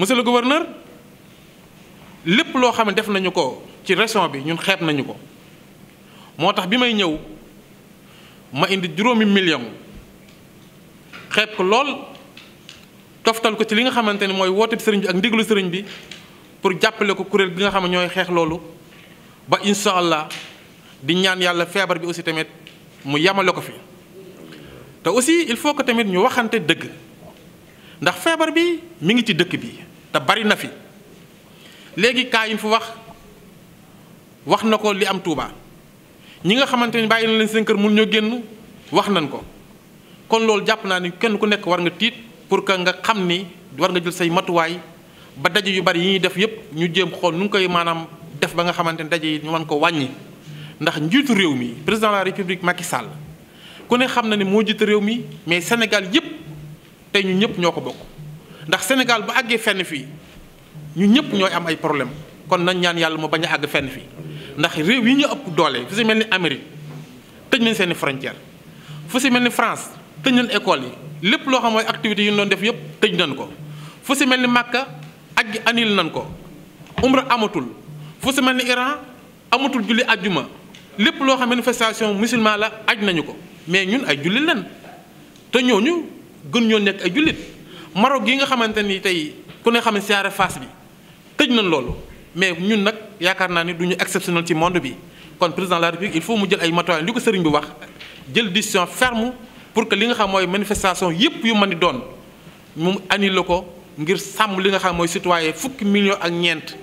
monsieur le gouverneur lépp loo xam ne def nañu ko ci région bi ñun xeeb nañu ko moo tax bi may ñëw ma indi juróomi million xeeb ko lool toftal ko ci li nga xamante ne mooy woote sëriñ bi ak ndiglu sëriñ bi pour jàppale ko kuréel gi nga xam ne ñooy xeex loolu ba incha allah di ñaan yàlla feebar bi aussi tamit mu yamale ko fi te aussi il faut que tamit ñu waxante dëgg ndax feebar bi mu ngi ci dëkk bi. te bari na fi léegi kaa yi ñu fi wax wax na ko li am Touba ñi nga xamante ni bàyyi na leen seen kër mun ñoo génn wax nañ ko kon loolu jàpp naa ni kenn ku nekk war nga tiit pour que nga xam ni war nga jël say matuwaay ba daje yu bari yi ñuy def yépp ñu jéem xool nu ngi koy maanaam def ba nga xamante ni daje yi man ko wàññi ndax njiitu réew mi président de la république Macky Sall ku ne xam na ne moo jiite réew mi mais Sénégal yépp tey ñu ñëpp ñoo ko bokk ndax Sénégal bu àggee fenn fii ñu ñëpp ñooy am ay problème kon nañ ñaan yàlla mu bañ a àgg fenn fii ndax réew yi ñu ëpp doole fu si mel ni Amérique tëj nañ seeni frontière fu si mel ni France tëj nañ école yi lépp loo xam mooy activités yu ñu def yëpp tëj nañ ko fu si mel ni Màkka aj gi nañ ko umra amatul fu si mel ni Iran amatul julli ajjuma lépp loo xam manifestation musulman la aj nañu ko mais ñun ay jullit lañ te ñu gën ñoo nekk ay jullit Maroc gii nga xamante ni tey ku ne xam ne siyaare fas bi tëj nañ loolu mais ñun nag yaakaar naa ni duñu ñu exceptionnel ci monde bi kon président de la république il faut mu jël ay matuwaay li ko sëriñ bi wax jël décision ferme pour que li nga xam mooy manifestation yépp yu mën ni doon mu annulé ko ngir sàmm li nga xam mooy citoyen fukki million ak ñeent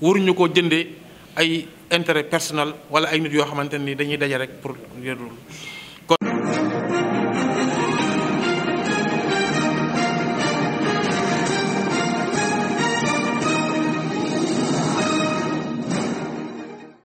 waruñu ko jëndee ay intérêt personnel wala ay nit yoo xamante ni dañuy daje rek pour yërul